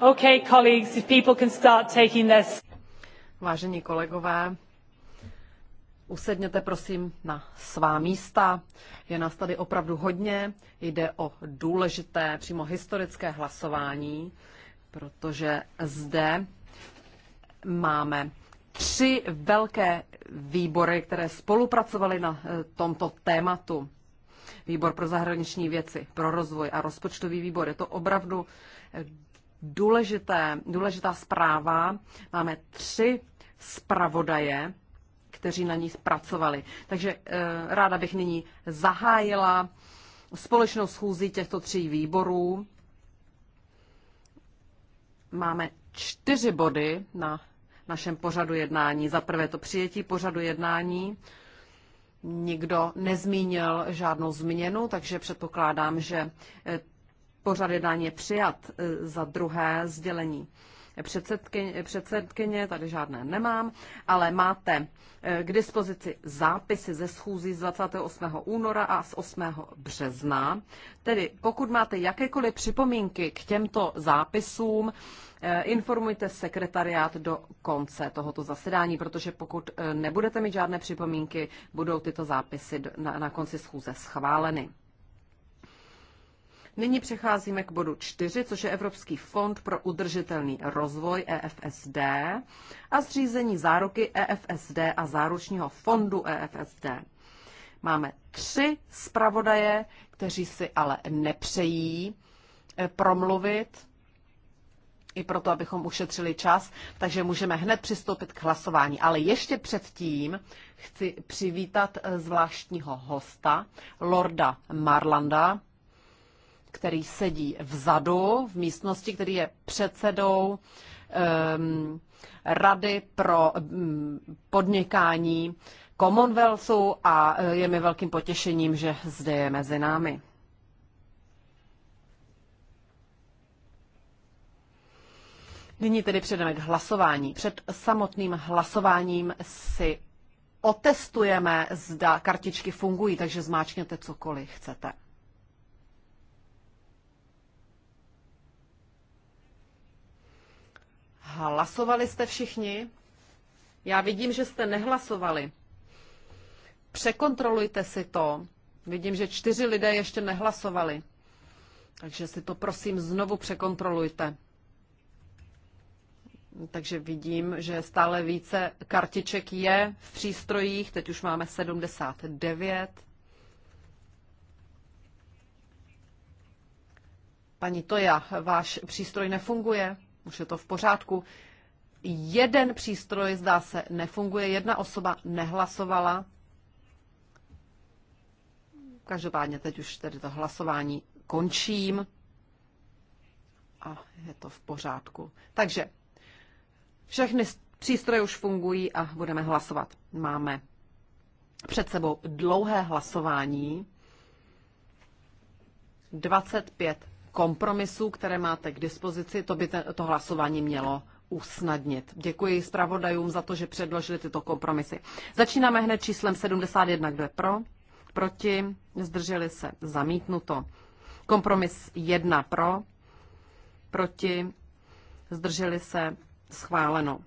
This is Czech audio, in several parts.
Okay, colleagues, if people can start taking their... Vážení kolegové, usedněte prosím na svá místa. Je nás tady opravdu hodně. Jde o důležité, přímo historické hlasování, protože zde máme tři velké výbory, které spolupracovaly na eh, tomto tématu výbor pro zahraniční věci, pro rozvoj a rozpočtový výbor. Je to opravdu eh, důležité, důležitá zpráva. Máme tři zpravodaje, kteří na ní pracovali. Takže eh, ráda bych nyní zahájila společnou schůzi těchto tří výborů. Máme čtyři body na našem pořadu jednání. Za prvé to přijetí pořadu jednání. Nikdo nezmínil žádnou změnu, takže předpokládám, že pořad jednání je přijat e, za druhé sdělení předsedkyně, předsedkyně, tady žádné nemám, ale máte eh, k dispozici zápisy ze schůzí z 28. února a z 8. března. Tedy pokud máte jakékoliv připomínky k těmto zápisům, eh, informujte sekretariát do konce tohoto zasedání, protože pokud eh, nebudete mít žádné připomínky, budou tyto zápisy na, na konci schůze schváleny. Nyní přecházíme k bodu 4, což je Evropský fond pro udržitelný rozvoj EFSD a zřízení záruky EFSD a záručního fondu EFSD. Máme tři zpravodaje, kteří si ale nepřejí eh, promluvit, i proto, abychom ušetřili čas, takže můžeme hned přistoupit k hlasování. Ale ještě předtím chci přivítat eh, zvláštního hosta, Lorda Marlanda, který sedí vzadu v místnosti, který je předsedou um, Rady pro um, podnikání Commonwealthu a eh, je mi velkým potěšením, že zde je mezi námi. Nyní tedy přejdeme k hlasování. Před samotným hlasováním si otestujeme, zda kartičky fungují, takže zmáčkněte cokoliv chcete. Hlasovali jste všichni? Já vidím, že jste nehlasovali. Překontrolujte si to. Vidím, že čtyři lidé ještě nehlasovali. Takže si to prosím znovu překontrolujte. Takže vidím, že stále více kartiček je v přístrojích. Teď už máme 79. Paní Toja, váš přístroj nefunguje? už je to v pořádku. Jeden přístroj, zdá se, nefunguje, jedna osoba nehlasovala. Každopádně teď už tedy to hlasování končím a je to v pořádku. Takže všechny přístroje už fungují a budeme hlasovat. Máme před sebou dlouhé hlasování. 25 kompromisů, které máte k dispozici, to by to hlasování mělo usnadnit. Děkuji zpravodajům za to, že předložili tyto kompromisy. Začínáme hned číslem 71, kdo je pro, proti, zdrželi se, zamítnuto. Kompromis 1 pro, proti, zdrželi se, schváleno.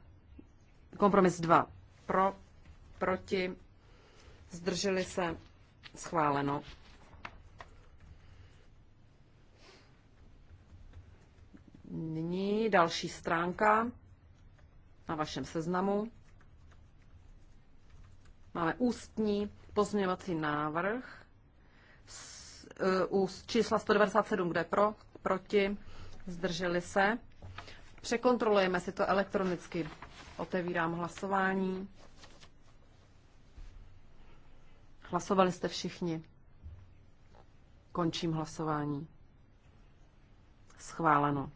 Kompromis 2 pro, proti, zdrželi se, schváleno. Nyní další stránka na vašem seznamu. Máme ústní pozměňovací návrh eh, u čísla 197, kde pro, proti, zdrželi se. Překontrolujeme si to elektronicky. Otevírám hlasování. Hlasovali jste všichni. Končím hlasování. Schváleno.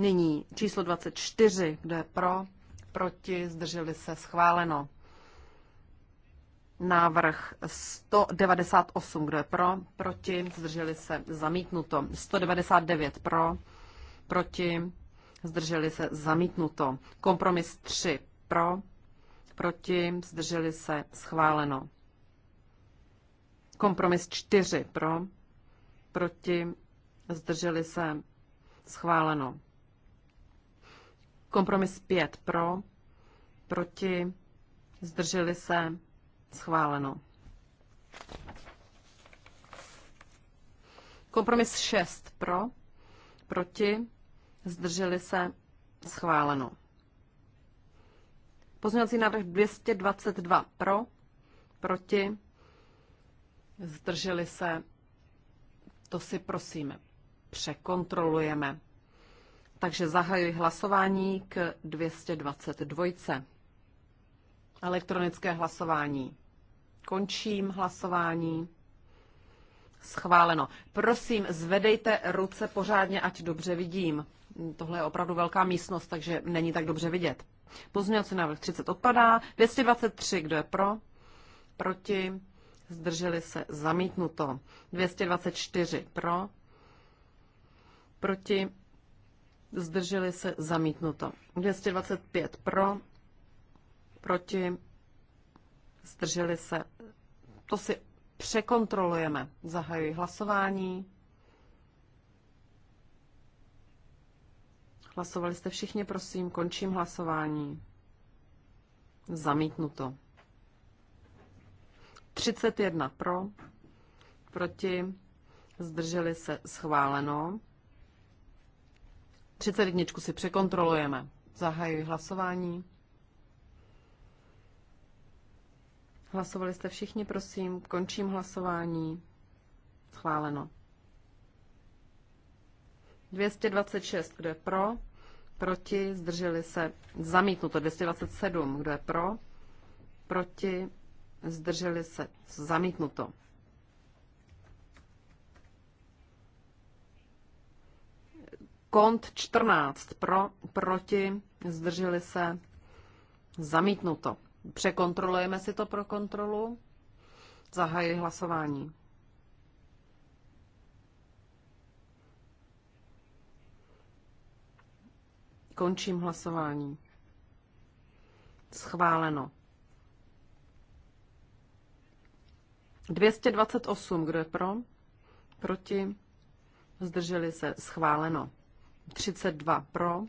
Nyní číslo 24, kdo je pro, proti, zdrželi se, schváleno. Návrh 198, kdo je pro, proti, zdrželi se, zamítnuto. 199 pro, proti, zdrželi se, zamítnuto. Kompromis 3 pro, proti, zdrželi se, schváleno. Kompromis 4 pro, proti, zdrželi se, schváleno. Kompromis 5 pro, proti, zdrželi se, schváleno. Kompromis 6 pro, proti, zdrželi se, schváleno. Pozměňovací návrh 222 pro, proti, zdrželi se, to si prosím překontrolujeme. Takže zahajuji hlasování k 222. Elektronické hlasování. Končím hlasování. Schváleno. Prosím, zvedejte ruce pořádně, ať dobře vidím. Tohle je opravdu velká místnost, takže není tak dobře vidět. Pozměňovací návrh 30 odpadá. 223, kdo je pro? Proti? Zdrželi se zamítnuto. 224 pro? Proti? zdrželi se, zamítnuto. 225 pro, proti, zdrželi se. To si překontrolujeme. Zahajuji hlasování. Hlasovali jste všichni, prosím, končím hlasování. Zamítnuto. 31 pro, proti, zdrželi se schváleno. 31 si překontrolujeme. Zahajuji hlasování. Hlasovali jste všichni, prosím. Končím hlasování. Schváleno. 226, kdo je pro? Proti, zdrželi se. Zamítnuto. 227, kdo je pro? Proti, zdrželi se. Zamítnuto. Kont 14 pro, proti, zdrželi se, zamítnuto. Překontrolujeme si to pro kontrolu. Zahajuji hlasování. Končím hlasování. Schváleno. 228, kdo je pro? Proti? Zdrželi se. Schváleno. 32 pro.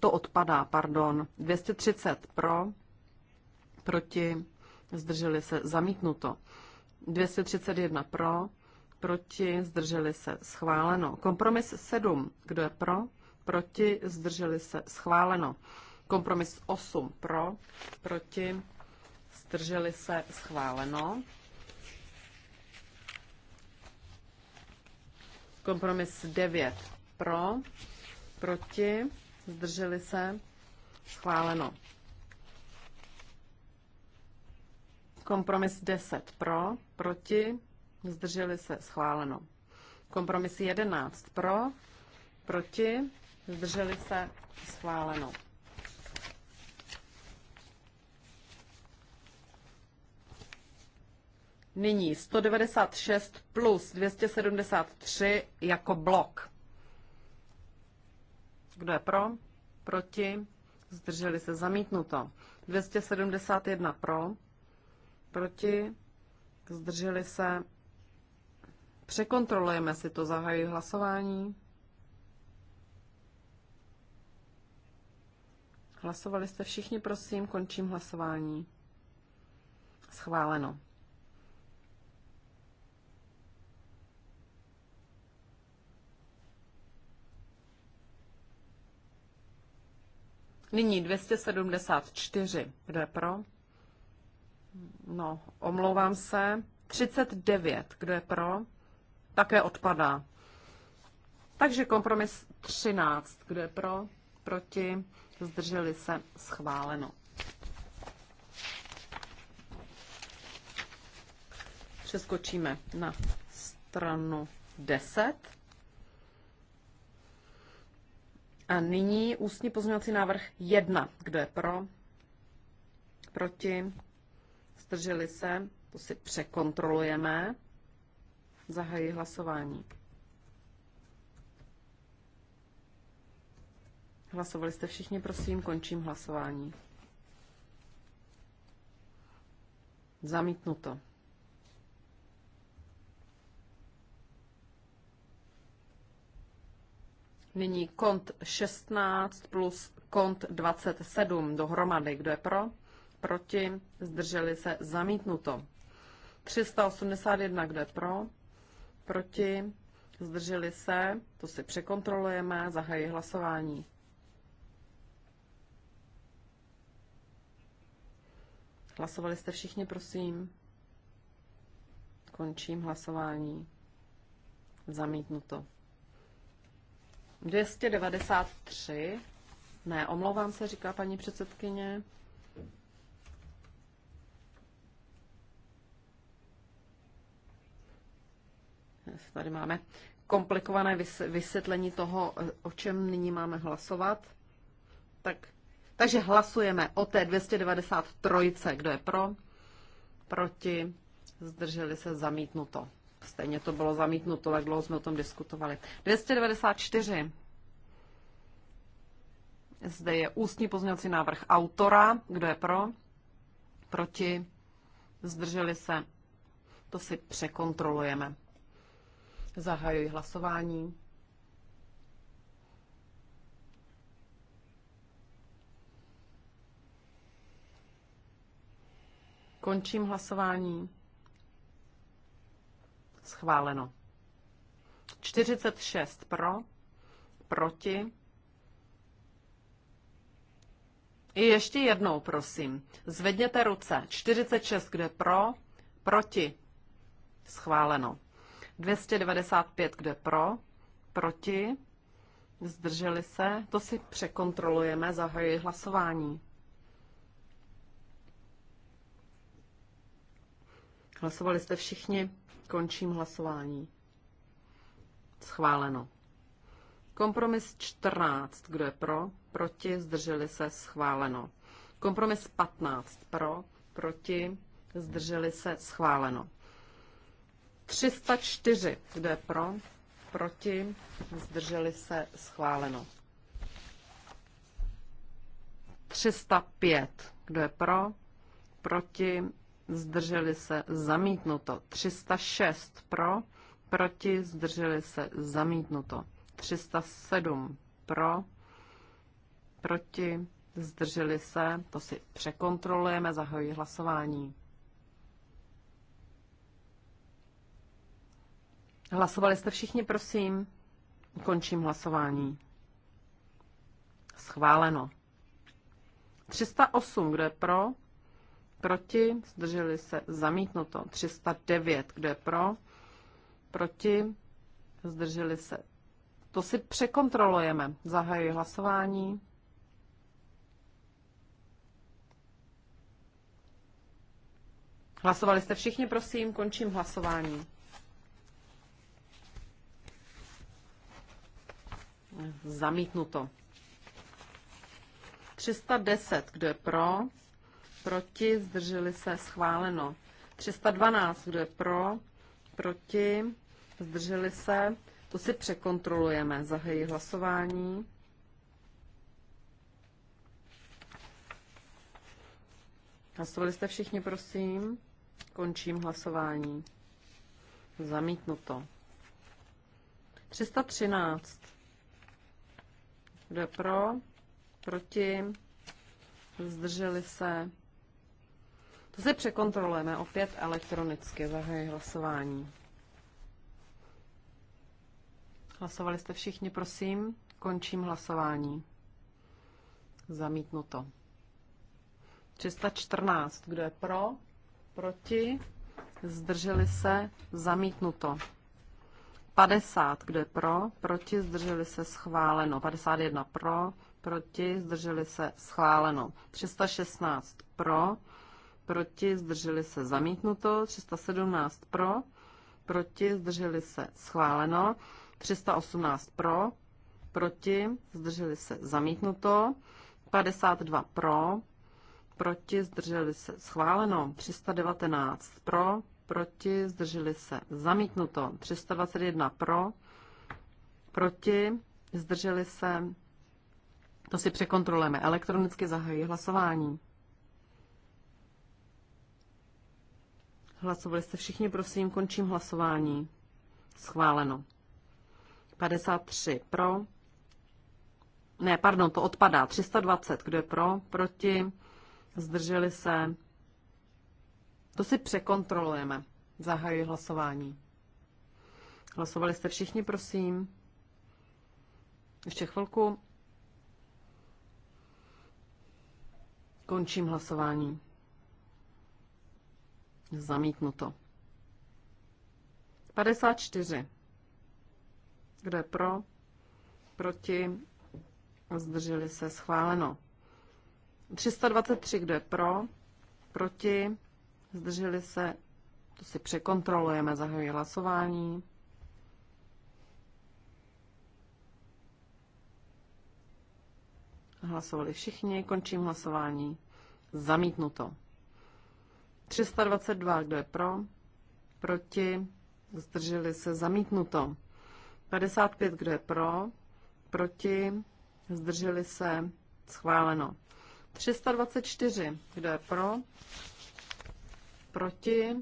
To odpadá, pardon. 230 pro. Proti. Zdrželi se. Zamítnuto. 231 pro. Proti. Zdrželi se. Schváleno. Kompromis 7. Kdo je pro? Proti. Zdrželi se. Schváleno. Kompromis 8 pro. Proti. Zdrželi se. Schváleno. Kompromis 9 pro, proti, zdrželi se, schváleno. Kompromis 10 pro, proti, zdrželi se, schváleno. Kompromis 11 pro, proti, zdrželi se, schváleno. Nyní 196 plus 273 jako blok. Kdo je pro? Proti? Zdrželi se zamítnuto. 271 pro, proti, zdrželi se. Překontrolujeme si to, zahají hlasování. Hlasovali jste všichni, prosím, končím hlasování. Schváleno. Nyní 274. Kdo je pro? No, omlouvám se. 39. Kdo je pro? Také odpadá. Takže kompromis 13. Kdo je pro? Proti? Zdrželi se? Schváleno. přeskočíme na stranu 10. A nyní ústní pozměňovací návrh 1. Kdo je pro? Proti? Zdrželi se? To si překontrolujeme. Zahají hlasování. Hlasovali jste všichni, prosím, končím hlasování. Zamítnuto. Nyní kont 16 plus kont 27 dohromady. Kdo je pro? Proti? Zdrželi se? Zamítnuto. 381, kdo je pro? Proti? Zdrželi se? To si překontrolujeme. Zahají hlasování. Hlasovali jste všichni, prosím? Končím hlasování. Zamítnuto. 293. Ne, omlouvám se, říká paní předsedkyně. Tady máme komplikované vysvětlení toho, o čem nyní máme hlasovat. Tak, takže hlasujeme o té 293. Kdo je pro? Proti? Zdrželi se zamítnuto. Stejně to bylo zamítnuto, tak dlouho jsme o tom diskutovali. 294. Zde je ústní pozměňovací návrh autora. Kdo je pro? Proti? Zdrželi se? To si překontrolujeme. Zahajuji hlasování. Končím hlasování. Schváleno. 46 pro, proti. I ještě jednou, prosím. Zvedněte ruce. 46, kde pro, proti. Schváleno. 295, kde pro, proti. Zdrželi se. To si překontrolujeme. Zahajuji hlasování. Hlasovali jste všichni? Končím hlasování. Schváleno. Kompromis 14. Kdo je pro? Proti? Zdrželi se? Schváleno. Kompromis 15. Pro? Proti? Zdrželi se? Schváleno. 304. Kdo je pro? Proti? Zdrželi se? Schváleno. 305. Kdo je pro? Proti? zdrželi se zamítnuto. 306 pro, proti, zdrželi se zamítnuto. 307 pro, proti, zdrželi se, to si překontrolujeme, zahojí hlasování. Hlasovali jste všichni, prosím? Končím hlasování. Schváleno. 308, kdo je pro? proti, zdrželi se zamítnuto. 309, kdo je pro, proti, zdrželi se. To si překontrolujeme. Zahajuji hlasování. Hlasovali jste všichni, prosím, končím hlasování. Zamítnuto. 310, kdo je pro? proti, zdrželi se, schváleno. 312, kdo je pro, proti, zdrželi se, to si překontrolujeme. Zahají hlasování. Hlasovali jste všichni, prosím. Končím hlasování. Zamítnuto. 313. Kdo je pro? Proti? Zdrželi se? To se překontrolujeme opět elektronicky. Zahajuji hlasování. Hlasovali jste všichni, prosím. Končím hlasování. Zamítnuto. 314. Kdo je pro? Proti? Zdrželi se? Zamítnuto. 50. Kdo je pro? Proti? Zdrželi se? Schváleno. 51. Pro? Proti? Zdrželi se? Schváleno. 316. Pro? proti, zdrželi se zamítnuto, 317 pro, proti, zdrželi se schváleno, 318 pro, proti, zdrželi se zamítnuto, 52 pro, proti, zdrželi se schváleno, 319 pro, proti, zdrželi se zamítnuto, 321 pro, proti, zdrželi se, to si překontrolujeme, elektronicky zahají hlasování. Hlasovali jste všichni, prosím, končím hlasování. Schváleno. 53 pro. Ne, pardon, to odpadá. 320, kdo je pro, proti, zdrželi se. To si překontrolujeme. Zahajuji hlasování. Hlasovali jste všichni, prosím. Ještě chvilku. Končím hlasování. Zamítnuto. 54. Kdo je pro? Proti? Zdrželi se schváleno. 323. Kdo je pro? Proti? Zdrželi se? To si překontrolujeme. Zahajuji hlasování. Hlasovali všichni. Končím hlasování. Zamítnuto. 322, kdo je pro? Proti? Zdrželi se zamítnuto. 55, kdo je pro? Proti? Zdrželi se schváleno. 324, kdo je pro? Proti?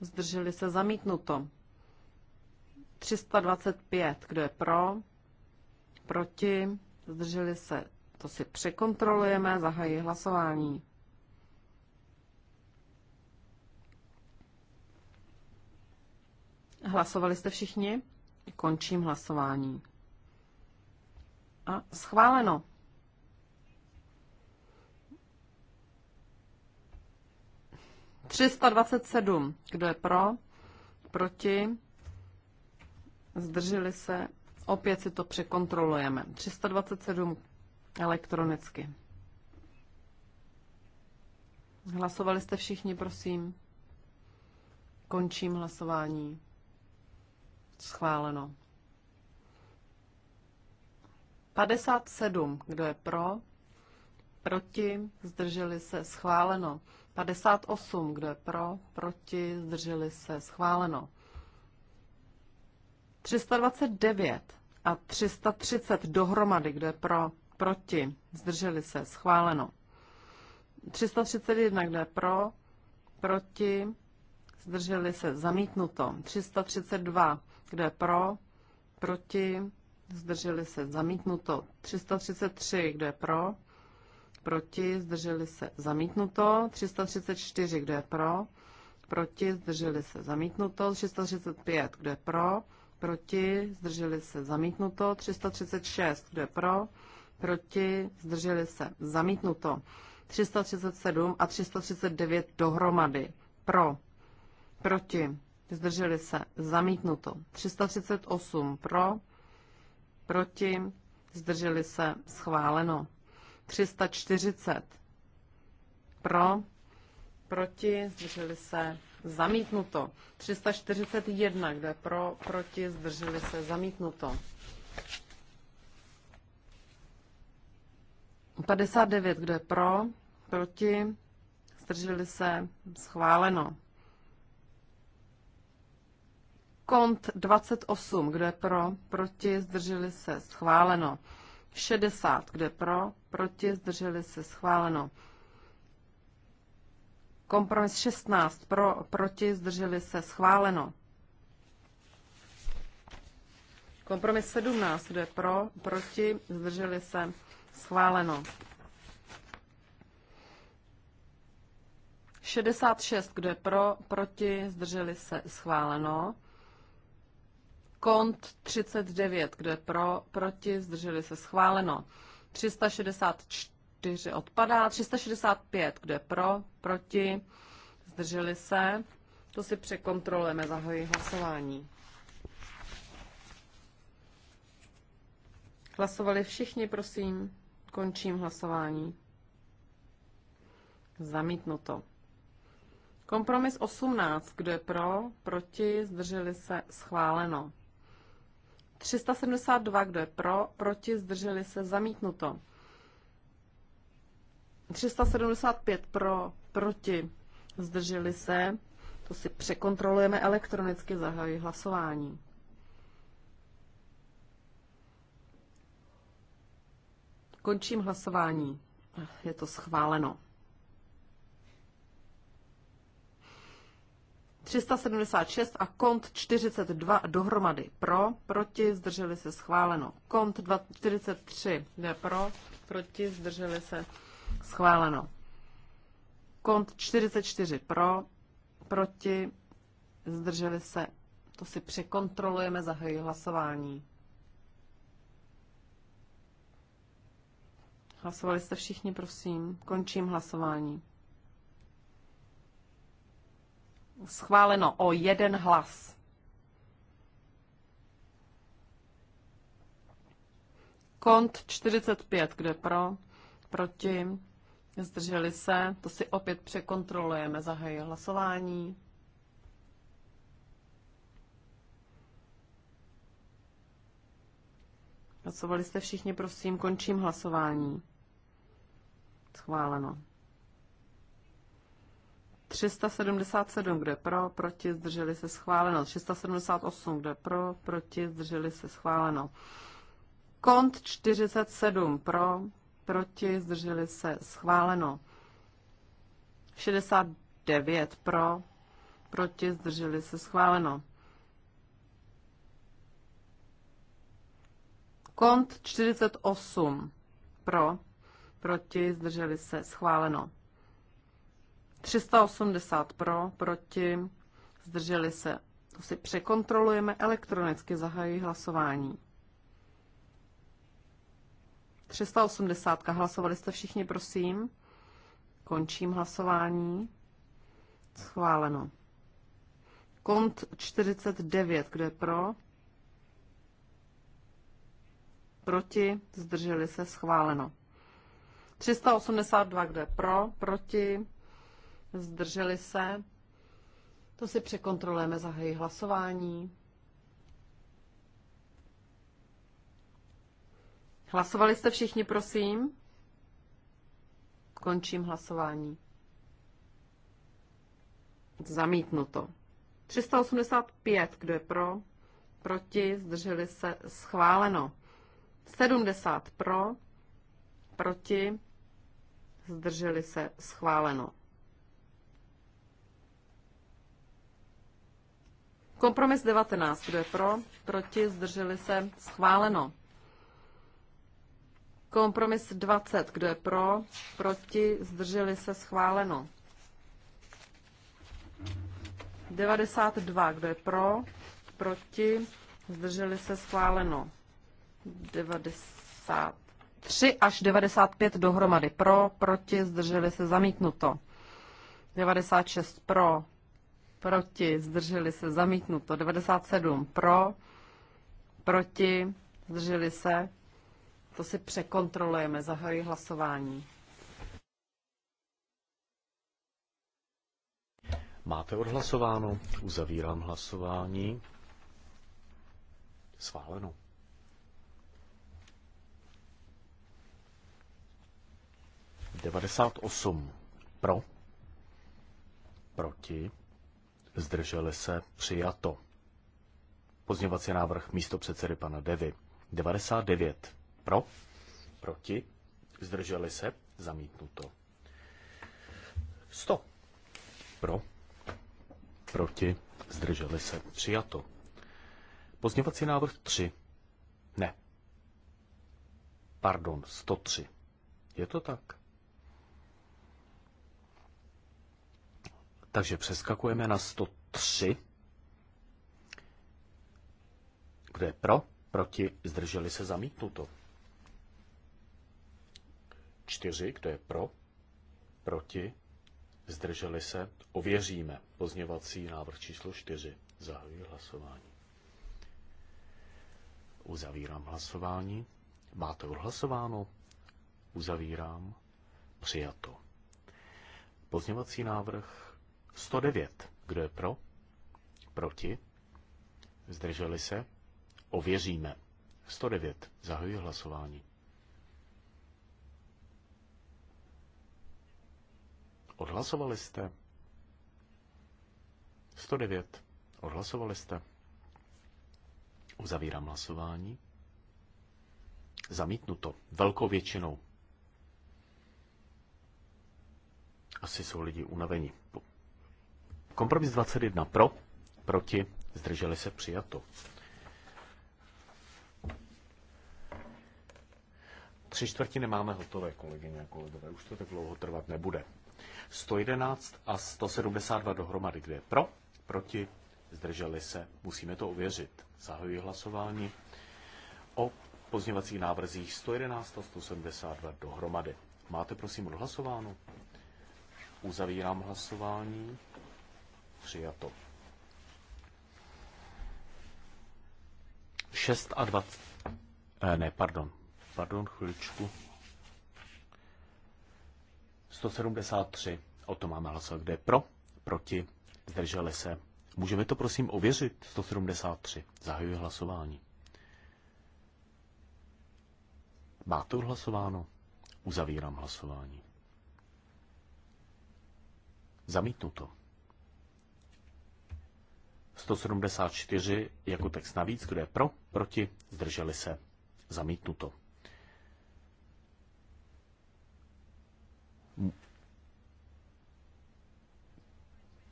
Zdrželi se zamítnuto. 325, kdo je pro? Proti? Zdrželi se. To si překontrolujeme, zahají hlasování. Hlasovali jste všichni? Končím hlasování. A schváleno. Třista dvacet sedm. Kdo je pro? Proti? Zdrželi se? Opět si to překontrolujeme. 327 elektronicky. Hlasovali jste všichni, prosím. Končím hlasování. Schváleno. 57. Kdo je pro? Proti? Zdrželi se? Schváleno. 58. Kdo je pro? Proti? Zdrželi se? Schváleno. 329 a 330 dohromady. Kdo je pro? Proti? Zdrželi se? Schváleno. 331. Kdo je pro? Proti? Zdrželi se? Zamítnuto. 332 kdo je pro? Proti? Zdrželi se zamítnuto. 333. Kdo je pro? Proti? Zdrželi se zamítnuto. 334. Kdo je pro? Proti? Zdrželi se zamítnuto. 335. Kdo je pro? Proti? Zdrželi se zamítnuto. 336. Kdo je pro? Proti? Zdrželi se zamítnuto. 337 a 339 dohromady. Pro. Proti zdrželi se, zamítnuto. 338 pro, proti, zdrželi se, schváleno. 340 pro, proti, zdrželi se, zamítnuto. 341, kde pro, proti, zdrželi se, zamítnuto. 59, kde pro, proti, zdrželi se, schváleno. Kont 28, kdo je pro, proti, zdrželi se, schváleno. 60, kdo je pro, proti, zdrželi se, schváleno. Kompromis 16, pro, proti, zdrželi se, schváleno. Kompromis 17, kdo je pro, proti, zdrželi se, schváleno. 66, kdo je pro, proti, zdrželi se, schváleno. Kont 39, kdo je pro, proti, zdrželi se schváleno. 364 odpadá, 365, kdo je pro, proti, zdrželi se. To si překontrolujeme, zahoji hlasování. Hlasovali všichni, prosím. Končím hlasování. Zamítnuto. Kompromis 18. Kdo je pro? Proti? Zdrželi se? Schváleno. 372, kdo je pro, proti, zdrželi se, zamítnuto. 375 pro, proti, zdrželi se. To si překontrolujeme elektronicky, zahajuji hlasování. Končím hlasování. Je to schváleno. 376 a kont 42 dohromady pro, proti, zdrželi se schváleno. Kont 43 jde pro, proti, zdrželi se schváleno. Kont 44 pro, proti, zdrželi se. To si překontrolujeme, zahají hlasování. Hlasovali jste všichni, prosím. Končím hlasování. schváleno o jeden hlas. Kont 45, kde pro, proti, zdrželi se, to si opět překontrolujeme, zahají hlasování. Hlasovali jste všichni, prosím, končím hlasování. Schváleno. 377, je pro, proti, zdrželi se schváleno. 378, je pro, proti, zdrželi se schváleno. Kont 47, pro, proti, zdrželi se schváleno. 69, pro, proti, zdrželi se schváleno. Kont 48, pro, proti, zdrželi se schváleno. 380 pro, proti, zdrželi se. To si překontrolujeme elektronicky, zahají hlasování. 380. Hlasovali jste všichni, prosím. Končím hlasování. Schváleno. Kont 49. Kdo je pro? Proti? Zdrželi se? Schváleno. 382. Kdo je pro? Proti? zdrželi se. To si překontrolujeme, za hej hlasování. Hlasovali jste všichni, prosím? Končím hlasování. Zamítnuto. 385, kdo je pro? Proti, zdrželi se, schváleno. 70 pro, proti, zdrželi se, schváleno. Kompromis 19. Kdo je pro? Proti? Zdrželi se? Schváleno. Kompromis 20. Kdo je pro? Proti? Zdrželi se? Schváleno. 92. Kdo je pro? Proti? Zdrželi se? Schváleno. 93 až 95 dohromady. Pro? Proti? Zdrželi se? Zamítnuto. 96 pro, proti, zdrželi se, zamítnuto. 97 pro, proti, zdrželi se. To si překontrolujeme, zahajuji hlasování. Máte odhlasováno, uzavírám hlasování. Sváleno. Devadesát osm pro, proti, zdrželi se, přijato. Pozněvací návrh místo předsedy pana Devy. 99 pro, proti, zdrželi se, zamítnuto. 100 pro, proti, zdrželi se, přijato. Pozněvací návrh 3. Ne. Pardon, 103. Je to tak? Takže přeskakujeme na 103. Kdo je pro? Proti? Zdrželi se zamítnuto. 4. Kdo je pro? Proti? Zdrželi se? Ověříme. Pozněvací návrh číslo 4. Zahajuji hlasování. Uzavírám hlasování. Máte odhlasováno? Uzavírám. Přijato. Pozněvací návrh 109. Kdo je pro? Proti? Zdrželi se? Ověříme. 109. Zahajuji hlasování. Odhlasovali jste? 109. Odhlasovali jste? Uzavírám hlasování. Zamítnuto. Velkou většinou. Asi jsou lidi unavení Kompromis 21 pro, proti, zdrželi se přijato. 3 čtvrtiny máme hotové, kolegyně a kolegové, už to tak dlouho trvat nebude. 111 a 172 dohromady, kde je pro, proti, zdrželi se. Musíme to ověřit. Zahajuji hlasování o pozněvacích návrzích 111 a 172 dohromady. Máte prosím odhlasováno? Uzavírám hlasování. Přijato. 6 a 20. Eh, ne, pardon. Pardon, chviličku. 173. O tom máme hlasovat. Kde pro? Proti? Zdrželi se? Můžeme to prosím ověřit? 173. Zahajuji hlasování. Má to hlasováno? Uzavírám hlasování. Zamítnuto. 174 jako text navíc, kdo je pro, proti, zdrželi se, zamítnuto.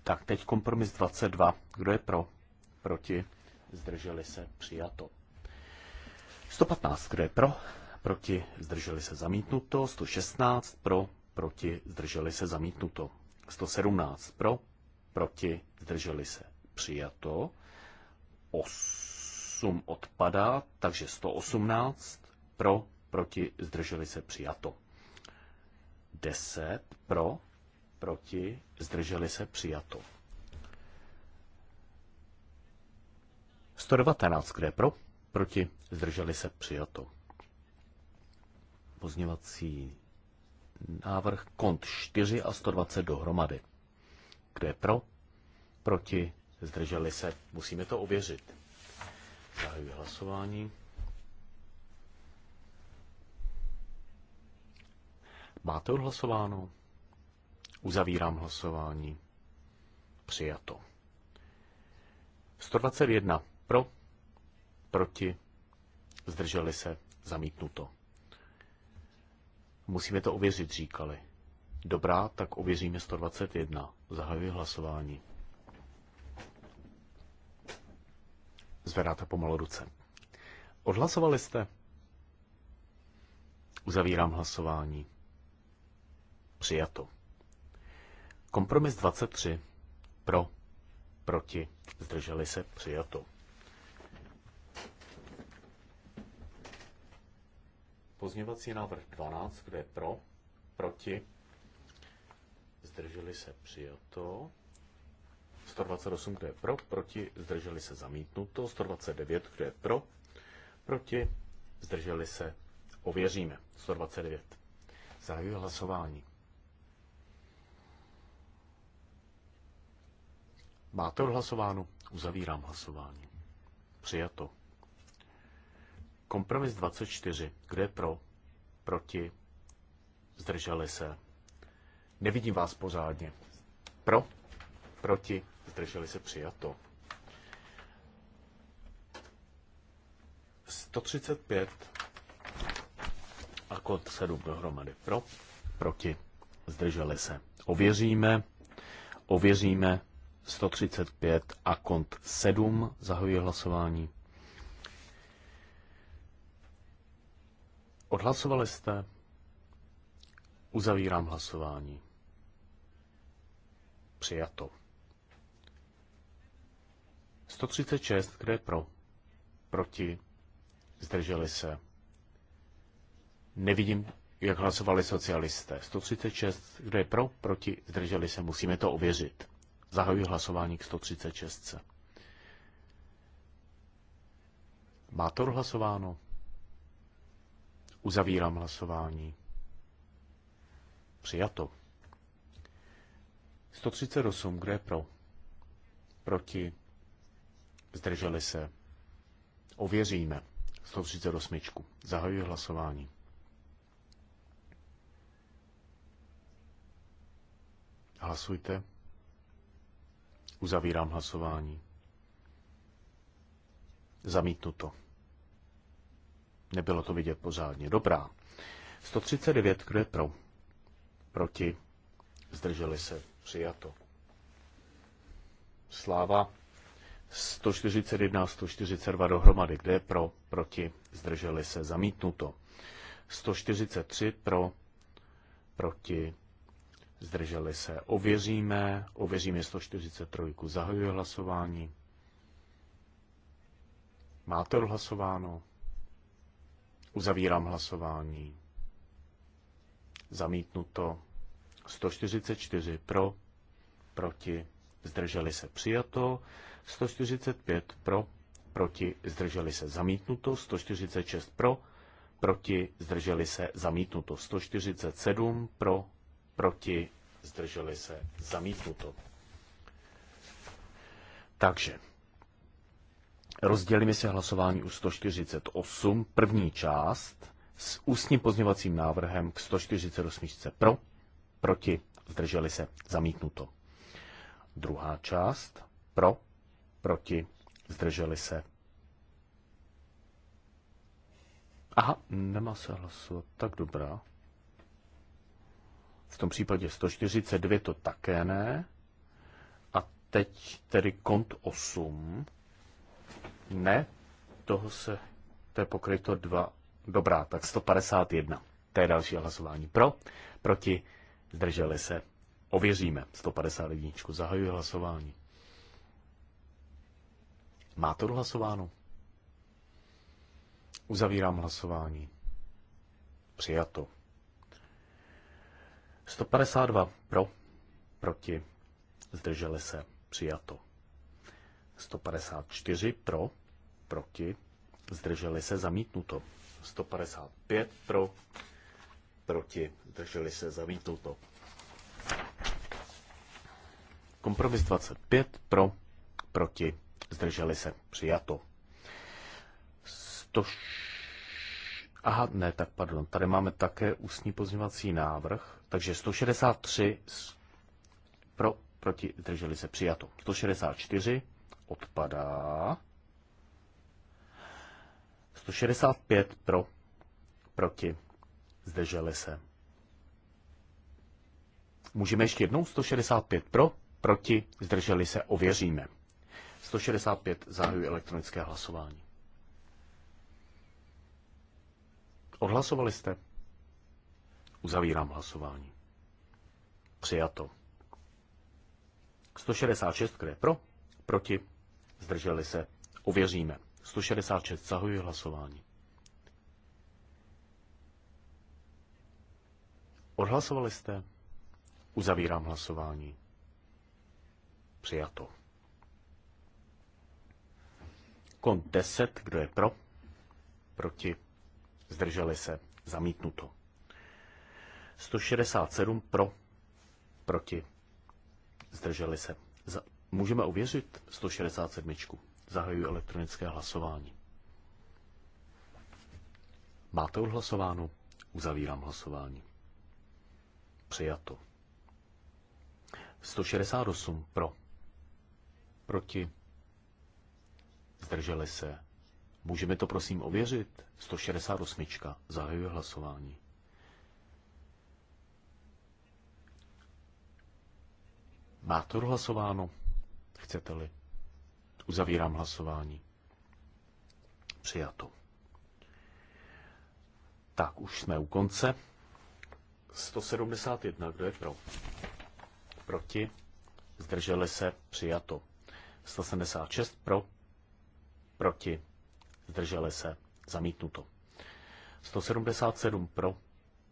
Tak teď kompromis 22. Kdo je pro? Proti? Zdrželi se? Přijato. 115. Kdo je pro? Proti? Zdrželi se? Zamítnuto. 116. Pro? Proti? Zdrželi se? Zamítnuto. 117. Pro? Proti? Zdrželi se? přijato, 8 odpadá, takže 118 pro, proti, zdrželi se přijato. 10 pro, proti, zdrželi se přijato. 119, kde pro, proti, zdrželi se přijato. Pozněvací návrh kont 4 a 120 dohromady. Kde pro, proti, zdrželi se. Musíme to ověřit. Zahajuji hlasování. Máte odhlasováno? Uzavírám hlasování. Přijato. 121 pro, proti, zdrželi se, zamítnuto. Musíme to ověřit, říkali. Dobrá, tak ověříme 121. Zahajuji hlasování. Zvedáte pomalu ruce. Odhlasovali jste? Uzavírám hlasování. Přijato. Kompromis 23. Pro. Proti. Zdrželi se. Přijato. Pozměvací návrh 12, kde je pro, proti, zdrželi se přijato. 128, kdo je pro, proti, zdrželi se zamítnuto, 129, kdo je pro, proti, zdrželi se, ověříme, 129. Zahajuji hlasování. Máte odhlasováno? Uzavírám hlasování. Přijato. Kompromis 24. Kde pro? Proti? Zdrželi se? Nevidím vás pořádně. Pro? Proti? zdrželi se přijato. 135 a kód 7 dohromady pro, proti, zdrželi se. Ověříme, ověříme 135 a kont 7 zahojí hlasování. Odhlasovali jste? Uzavírám hlasování. Přijato. 136, kde je pro? Proti? Zdrželi se? Nevidím, jak hlasovali socialisté. 136, kde je pro? Proti? Zdrželi se? Musíme to ověřit. Zahajuji hlasování k 136. Má to hlasováno? Uzavírám hlasování. Přijato. 138, kde je pro? Proti? zdrželi se. Ověříme 138. Zahajuji hlasování. Hlasujte. Uzavírám hlasování. Zamítnuto. Nebylo to vidět pořádně. Dobrá. 139, kdo je pro? Proti. Zdrželi se. Přijato. Sláva 141 a 142 dohromady. Kde je pro, proti, zdrželi se, zamítnuto. 143 pro, proti, zdrželi se. Ověříme, ověříme 143, zahajuje hlasování. Máte odhlasováno? Uzavírám hlasování. Zamítnuto. 144 pro, proti, zdrželi se přijato. 145 pro, proti, zdrželi se zamítnuto, 146 pro, proti, zdrželi se zamítnuto, 147 pro, proti, zdrželi se zamítnuto. Takže rozdělíme se hlasování u 148, první část s ústním pozměvacím návrhem k 148 pro, proti, zdrželi se zamítnuto. Druhá část pro, proti, zdrželi se. Aha, nemá se hlasovat, tak dobrá. V tom případě 142 to také ne. A teď tedy kont 8. Ne, toho se, to je pokryto 2. Dobrá, tak 151. To je další hlasování pro, proti, zdrželi se. Ověříme 151. Zahajuji hlasování. Má to dohlasováno? Uzavírám hlasování. Přijato. 152 pro, proti, zdrželi se, přijato. 154 pro, proti, zdrželi se, zamítnuto. 155 pro, proti, zdrželi se, zamítnuto. Kompromis 25 pro, proti, zdrželi se, přijato. 100... Aha, ne, tak pardon, tady máme také ústní pozměvací návrh, takže 163 pro, proti, zdrželi se, přijato. 164 odpadá. 165 pro, proti, zdrželi se. Můžeme ještě jednou 165 pro, proti, zdrželi se, ověříme. 165 zahajuji elektronické hlasování. Odhlasovali jste? Uzavírám hlasování. Přijato. 166, kde je pro? Proti? Zdrželi se? Ověříme. 166, zahajuji hlasování. Odhlasovali jste? Uzavírám hlasování. Přijato. Kon 10, kdo je pro? Proti? Zdrželi se? Zamítnuto. 167 pro? Proti? Zdrželi se? Za... Můžeme ověřit 167. Zahajuji elektronické hlasování. Máte odhlasováno? Uzavírám hlasování. Přijato. 168 pro. Proti. Zdrželi se. Můžeme to prosím ověřit? 168. Zahajuje hlasování. Má to hlasováno? Chcete-li? Uzavírám hlasování. Přijato. Tak, už jsme u konce. 171, kdo je pro? Proti? Zdrželi se? Přijato. 176 pro? proti, zdrželi se, zamítnuto. 177 pro,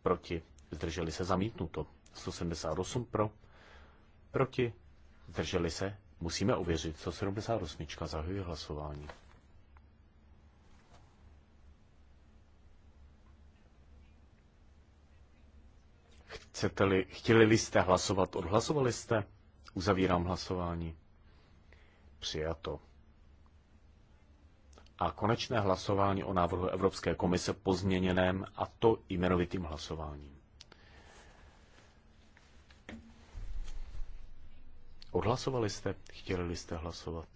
proti, zdrželi se, zamítnuto. 178 pro, proti, zdrželi se, musíme uvěřit, 178 zahajuje hlasování. Chcete-li, chtěli-li jste hlasovat, odhlasovali jste? Uzavírám hlasování. Přijato a konečné hlasování o návrhu Evropské komise pozměněném a to jmenovitým hlasováním. Odhlasovali jste? Chtěli jste hlasovat?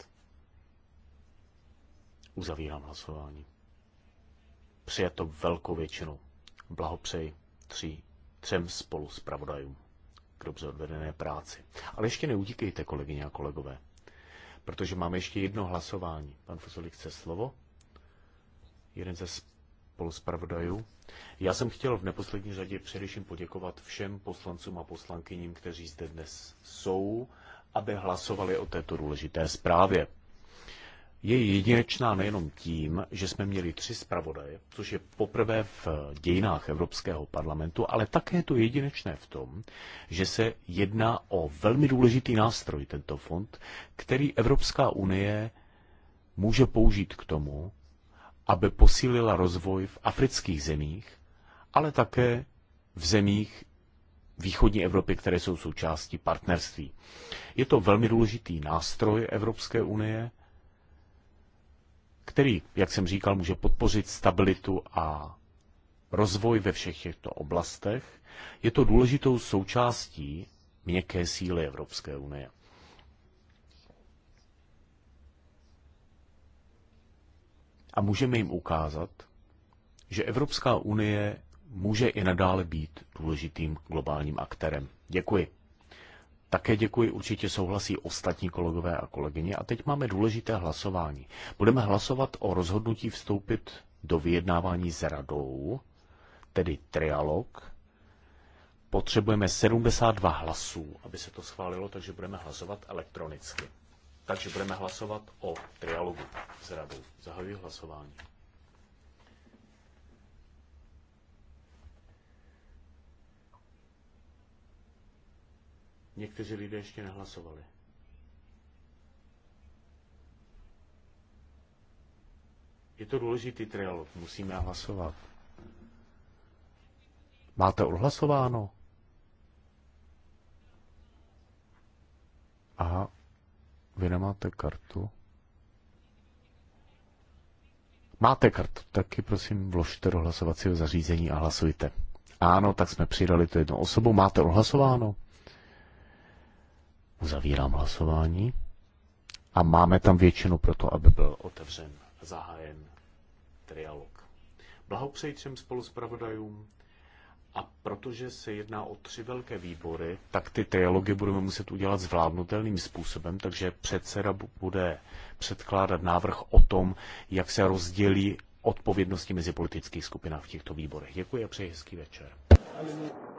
Uzavírám hlasování. Přijato velkou většinu. Blahopřeji tří, třem spolu s pravodajům k dobře odvedené práci. Ale ještě neutíkejte, kolegyně a kolegové protože máme ještě jedno hlasování. Pan Fosolík chce slovo? Jeden ze spoluspravodajů. Já jsem chtěl v neposlední řadě především poděkovat všem poslancům a poslankyním, kteří zde dnes jsou, aby hlasovali o této důležité zprávě je jedinečná nejenom tím, že jsme měli tři zpravodaje, což je poprvé v dějinách Evropského parlamentu, ale také je to jedinečné v tom, že se jedná o velmi důležitý nástroj, tento fond, který Evropská unie může použít k tomu, aby posílila rozvoj v afrických zemích, ale také v zemích východní Evropy, které jsou součástí partnerství. Je to velmi důležitý nástroj Evropské unie, který, jak jsem říkal, může podpořit stabilitu a rozvoj ve všech těchto oblastech, je to důležitou součástí měkké síly Evropské unie. A můžeme jim ukázat, že Evropská unie může i nadále být důležitým globálním aktérem. Děkuji. Také děkuji, určitě souhlasí ostatní kolegové a kolegyně. A teď máme důležité hlasování. Budeme hlasovat o rozhodnutí vstoupit do vyjednávání s radou, tedy trialog. Potřebujeme 72 hlasů, aby se to schválilo, takže budeme hlasovat elektronicky. Takže budeme hlasovat o trialogu s radou. Zahajuji hlasování. Někteří lidé ještě nehlasovali. Je to důležitý trialog, musíme hlasovat. Máte odhlasováno? Aha, vy nemáte kartu. Máte kartu, taky prosím vložte do hlasovacího zařízení a hlasujte. Ano, tak jsme přidali tu jednu osobu. Máte odhlasováno? Uzavírám hlasování. A máme tam většinu pro to, aby byl otevřen a zahájen trialog. Blahopřeji třem spoluspravodajům. A protože se jedná o tři velké výbory, tak ty trialogy budeme muset udělat zvládnutelným způsobem, takže předseda bude předkládat návrh o tom, jak se rozdělí odpovědnosti mezi politických skupinách v těchto výborech. Děkuji a přeji hezký večer.